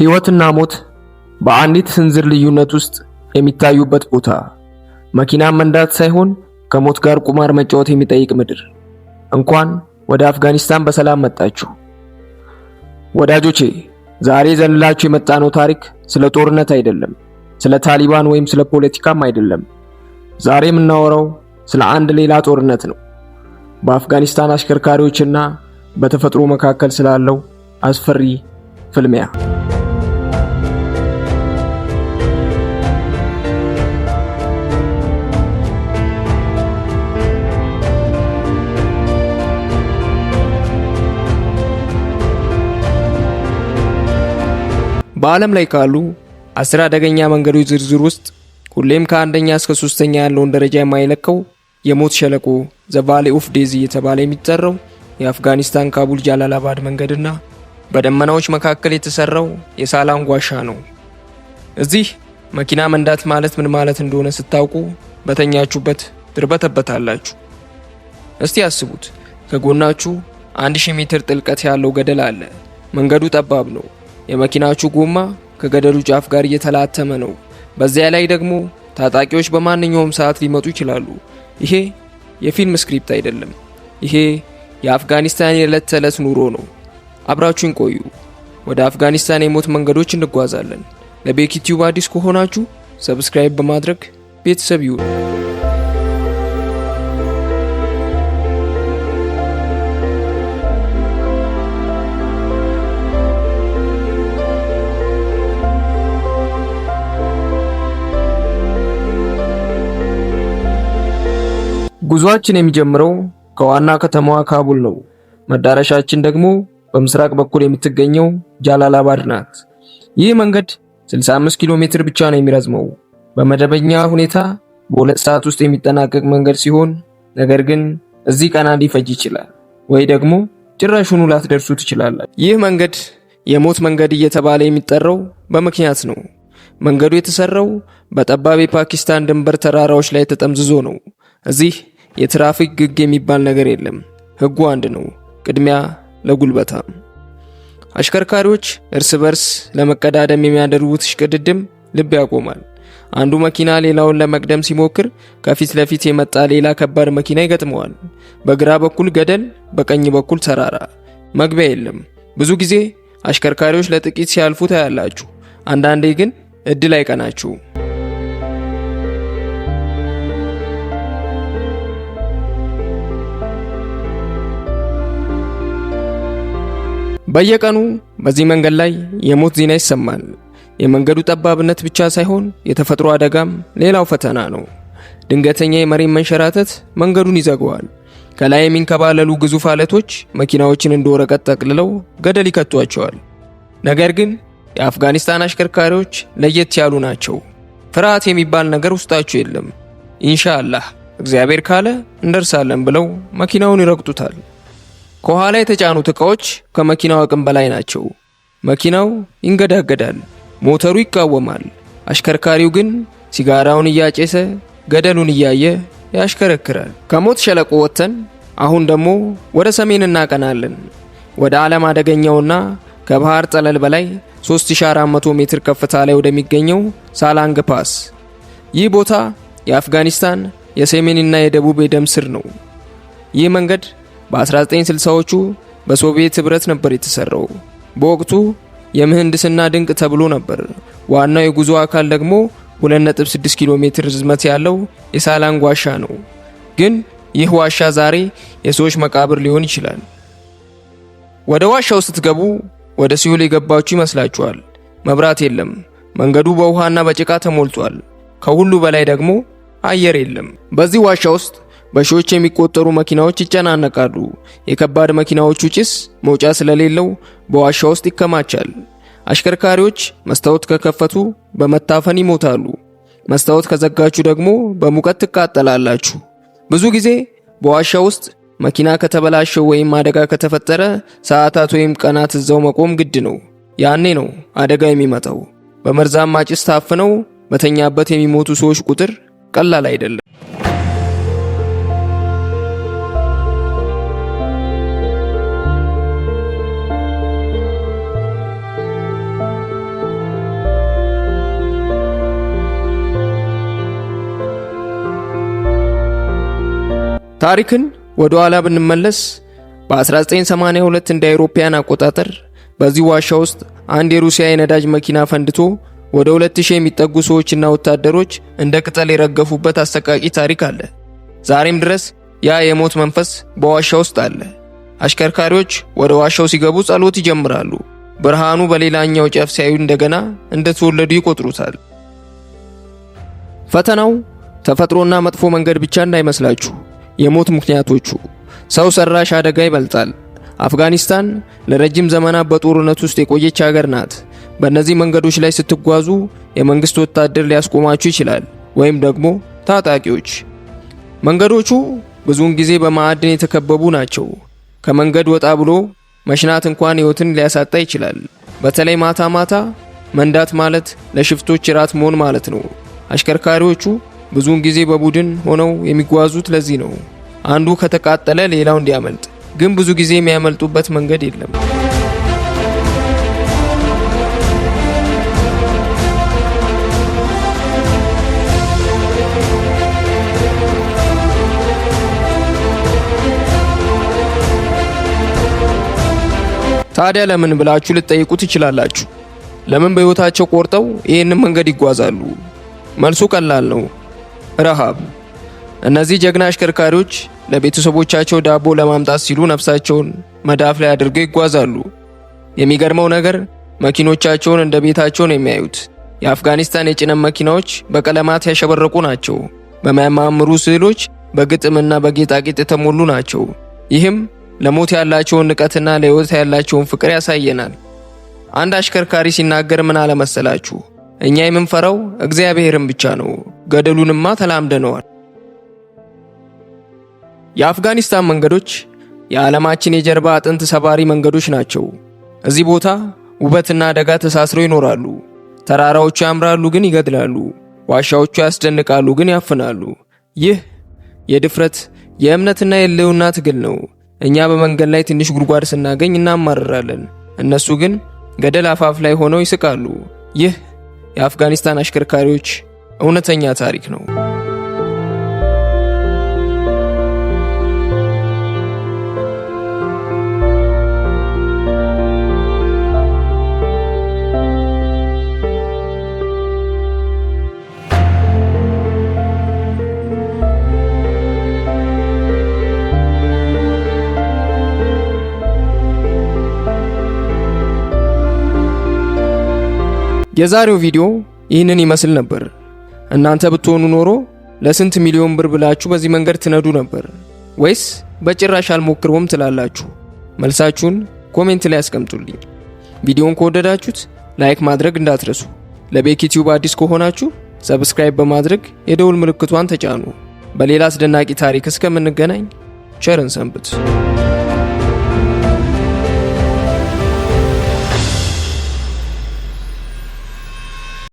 ሕይወትና ሞት በአንዲት ስንዝር ልዩነት ውስጥ የሚታዩበት ቦታ፣ መኪና መንዳት ሳይሆን ከሞት ጋር ቁማር መጫወት የሚጠይቅ ምድር። እንኳን ወደ አፍጋኒስታን በሰላም መጣችሁ። ወዳጆቼ ዛሬ ዘንላችሁ የመጣነው ታሪክ ስለ ጦርነት አይደለም፣ ስለ ታሊባን ወይም ስለ ፖለቲካም አይደለም። ዛሬ የምናወራው ስለ አንድ ሌላ ጦርነት ነው፣ በአፍጋኒስታን አሽከርካሪዎችና በተፈጥሮ መካከል ስላለው አስፈሪ ፍልሚያ። በዓለም ላይ ካሉ አስር አደገኛ መንገዶች ዝርዝር ውስጥ ሁሌም ከአንደኛ እስከ ሶስተኛ ያለውን ደረጃ የማይለቀው የሞት ሸለቆ ዘ ቫሊ ኦፍ ዴዚ የተባለ የሚጠራው የአፍጋኒስታን ካቡል ጃላላባድ መንገድና በደመናዎች መካከል የተሰራው የሳላን ጓሻ ነው። እዚህ መኪና መንዳት ማለት ምን ማለት እንደሆነ ስታውቁ በተኛችሁበት ትርበተበታላችሁ። እስቲ አስቡት፣ ከጎናችሁ 1000 ሜትር ጥልቀት ያለው ገደል አለ። መንገዱ ጠባብ ነው። የመኪናዎቹ ጎማ ከገደሉ ጫፍ ጋር እየተላተመ ነው። በዚያ ላይ ደግሞ ታጣቂዎች በማንኛውም ሰዓት ሊመጡ ይችላሉ። ይሄ የፊልም ስክሪፕት አይደለም። ይሄ የአፍጋኒስታን የዕለት ተዕለት ኑሮ ነው። አብራችሁን ቆዩ። ወደ አፍጋኒስታን የሞት መንገዶች እንጓዛለን። ለቤክ ቲዩብ አዲስ ከሆናችሁ ሰብስክራይብ በማድረግ ቤተሰብ ይሁኑ። ጉዟችን የሚጀምረው ከዋና ከተማዋ ካቡል ነው። መዳረሻችን ደግሞ በምስራቅ በኩል የምትገኘው ጃላላባድ ናት። ይህ መንገድ 65 ኪሎ ሜትር ብቻ ነው የሚረዝመው። በመደበኛ ሁኔታ በሁለት ሰዓት ውስጥ የሚጠናቀቅ መንገድ ሲሆን ነገር ግን እዚህ ቀና ሊፈጅ ይችላል ወይ ደግሞ ጭራሹኑ ላትደርሱ ትችላላችሁ። ይህ መንገድ የሞት መንገድ እየተባለ የሚጠራው በምክንያት ነው። መንገዱ የተሰራው በጠባብ የፓኪስታን ድንበር ተራራዎች ላይ ተጠምዝዞ ነው። እዚህ የትራፊክ ግግ የሚባል ነገር የለም። ህጉ አንድ ነው፣ ቅድሚያ ለጉልበታ አሽከርካሪዎች እርስ በርስ ለመቀዳደም የሚያደርጉት ሽቅድድም ልብ ያቆማል። አንዱ መኪና ሌላውን ለመቅደም ሲሞክር ከፊት ለፊት የመጣ ሌላ ከባድ መኪና ይገጥመዋል። በግራ በኩል ገደል፣ በቀኝ በኩል ተራራ፣ መግቢያ የለም። ብዙ ጊዜ አሽከርካሪዎች ለጥቂት ሲያልፉ ታያላችሁ። አንዳንዴ ግን እድል አይቀናችሁም። በየቀኑ በዚህ መንገድ ላይ የሞት ዜና ይሰማል። የመንገዱ ጠባብነት ብቻ ሳይሆን የተፈጥሮ አደጋም ሌላው ፈተና ነው። ድንገተኛ የመሬት መንሸራተት መንገዱን ይዘገዋል። ከላይ የሚንከባለሉ ግዙፍ አለቶች መኪናዎችን እንደ ወረቀት ጠቅልለው ገደል ይከቷቸዋል። ነገር ግን የአፍጋኒስታን አሽከርካሪዎች ለየት ያሉ ናቸው። ፍርሃት የሚባል ነገር ውስጣቸው የለም። ኢንሻአላህ እግዚአብሔር ካለ እንደርሳለን ብለው መኪናውን ይረግጡታል። ከኋላ የተጫኑት ዕቃዎች ከመኪናው አቅም በላይ ናቸው። መኪናው ይንገዳገዳል፣ ሞተሩ ይቃወማል። አሽከርካሪው ግን ሲጋራውን እያጨሰ ገደሉን እያየ ያሽከረክራል። ከሞት ሸለቆ ወጥተን አሁን ደግሞ ወደ ሰሜን እናቀናለን። ወደ ዓለም አደገኛውና ከባህር ጠለል በላይ 3400 ሜትር ከፍታ ላይ ወደሚገኘው ሳላንግ ፓስ። ይህ ቦታ የአፍጋኒስታን የሰሜንና የደቡብ የደም ስር ነው። ይህ መንገድ በ1960ዎቹ በሶቪየት ህብረት ነበር የተሰራው። በወቅቱ የምህንድስና ድንቅ ተብሎ ነበር። ዋናው የጉዞ አካል ደግሞ 2.6 ኪሎ ሜትር ርዝመት ያለው የሳላንግ ዋሻ ነው። ግን ይህ ዋሻ ዛሬ የሰዎች መቃብር ሊሆን ይችላል። ወደ ዋሻው ስትገቡ ወደ ሲኦል የገባችሁ ይመስላችኋል። መብራት የለም። መንገዱ በውሃና በጭቃ ተሞልቷል። ከሁሉ በላይ ደግሞ አየር የለም። በዚህ ዋሻ ውስጥ በሺዎች የሚቆጠሩ መኪናዎች ይጨናነቃሉ። የከባድ መኪናዎቹ ጭስ መውጫ ስለሌለው በዋሻ ውስጥ ይከማቻል። አሽከርካሪዎች መስታወት ከከፈቱ በመታፈን ይሞታሉ። መስታወት ከዘጋችሁ ደግሞ በሙቀት ትቃጠላላችሁ። ብዙ ጊዜ በዋሻ ውስጥ መኪና ከተበላሸው ወይም አደጋ ከተፈጠረ ሰዓታት ወይም ቀናት እዛው መቆም ግድ ነው። ያኔ ነው አደጋ የሚመጣው። በመርዛማ ጭስ ታፍነው በተኛበት የሚሞቱ ሰዎች ቁጥር ቀላል አይደለም። ታሪክን ወደ ኋላ ብንመለስ በ1982 እንደ አውሮፓውያን አቆጣጠር በዚህ ዋሻ ውስጥ አንድ የሩሲያ የነዳጅ መኪና ፈንድቶ ወደ 2000 የሚጠጉ ሰዎችና ወታደሮች እንደ ቅጠል የረገፉበት አሰቃቂ ታሪክ አለ። ዛሬም ድረስ ያ የሞት መንፈስ በዋሻ ውስጥ አለ። አሽከርካሪዎች ወደ ዋሻው ሲገቡ ጸሎት ይጀምራሉ። ብርሃኑ በሌላኛው ጫፍ ሲያዩ እንደገና እንደተወለዱ ይቆጥሩታል። ፈተናው ተፈጥሮና መጥፎ መንገድ ብቻ እንዳይመስላችሁ። የሞት ምክንያቶቹ ሰው ሰራሽ አደጋ ይበልጣል። አፍጋኒስታን ለረጅም ዘመናት በጦርነት ውስጥ የቆየች ሀገር ናት። በእነዚህ መንገዶች ላይ ስትጓዙ የመንግስት ወታደር ሊያስቆማችሁ ይችላል፣ ወይም ደግሞ ታጣቂዎች። መንገዶቹ ብዙውን ጊዜ በማዕድን የተከበቡ ናቸው። ከመንገድ ወጣ ብሎ መሽናት እንኳን ህይወትን ሊያሳጣ ይችላል። በተለይ ማታ ማታ መንዳት ማለት ለሽፍቶች ራት መሆን ማለት ነው። አሽከርካሪዎቹ ብዙውን ጊዜ በቡድን ሆነው የሚጓዙት ለዚህ ነው። አንዱ ከተቃጠለ ሌላው እንዲያመልጥ። ግን ብዙ ጊዜ የሚያመልጡበት መንገድ የለም። ታዲያ ለምን ብላችሁ ልትጠይቁ ትችላላችሁ። ለምን በሕይወታቸው ቆርጠው ይህንን መንገድ ይጓዛሉ? መልሱ ቀላል ነው። ረሃብ። እነዚህ ጀግና አሽከርካሪዎች ለቤተሰቦቻቸው ዳቦ ለማምጣት ሲሉ ነፍሳቸውን መዳፍ ላይ አድርገው ይጓዛሉ። የሚገርመው ነገር መኪኖቻቸውን እንደ ቤታቸው ነው የሚያዩት። የአፍጋኒስታን የጭነት መኪናዎች በቀለማት ያሸበረቁ ናቸው። በሚያማምሩ ስዕሎች በግጥምና በጌጣጌጥ የተሞሉ ናቸው። ይህም ለሞት ያላቸውን ንቀትና ለሕይወት ያላቸውን ፍቅር ያሳየናል። አንድ አሽከርካሪ ሲናገር ምን አለመሰላችሁ? እኛ የምንፈራው እግዚአብሔርን ብቻ ነው። ገደሉንማ ተላምደነዋል። የአፍጋኒስታን መንገዶች የዓለማችን የጀርባ አጥንት ሰባሪ መንገዶች ናቸው። እዚህ ቦታ ውበትና አደጋ ተሳስረው ይኖራሉ። ተራራዎቹ ያምራሉ፣ ግን ይገድላሉ። ዋሻዎቹ ያስደንቃሉ፣ ግን ያፍናሉ። ይህ የድፍረት የእምነትና የልውና ትግል ነው። እኛ በመንገድ ላይ ትንሽ ጉድጓድ ስናገኝ እናማርራለን። እነሱ ግን ገደል አፋፍ ላይ ሆነው ይስቃሉ። ይህ የአፍጋኒስታን አሽከርካሪዎች እውነተኛ ታሪክ ነው። የዛሬው ቪዲዮ ይህንን ይመስል ነበር። እናንተ ብትሆኑ ኖሮ ለስንት ሚሊዮን ብር ብላችሁ በዚህ መንገድ ትነዱ ነበር? ወይስ በጭራሽ አልሞክርም ትላላችሁ? መልሳችሁን ኮሜንት ላይ አስቀምጡልኝ። ቪዲዮውን ከወደዳችሁት ላይክ ማድረግ እንዳትረሱ። ለቤኪ ቲዩብ አዲስ ከሆናችሁ ሰብስክራይብ በማድረግ የደውል ምልክቷን ተጫኑ። በሌላ አስደናቂ ታሪክ እስከምንገናኝ ቸርን ሰንብት።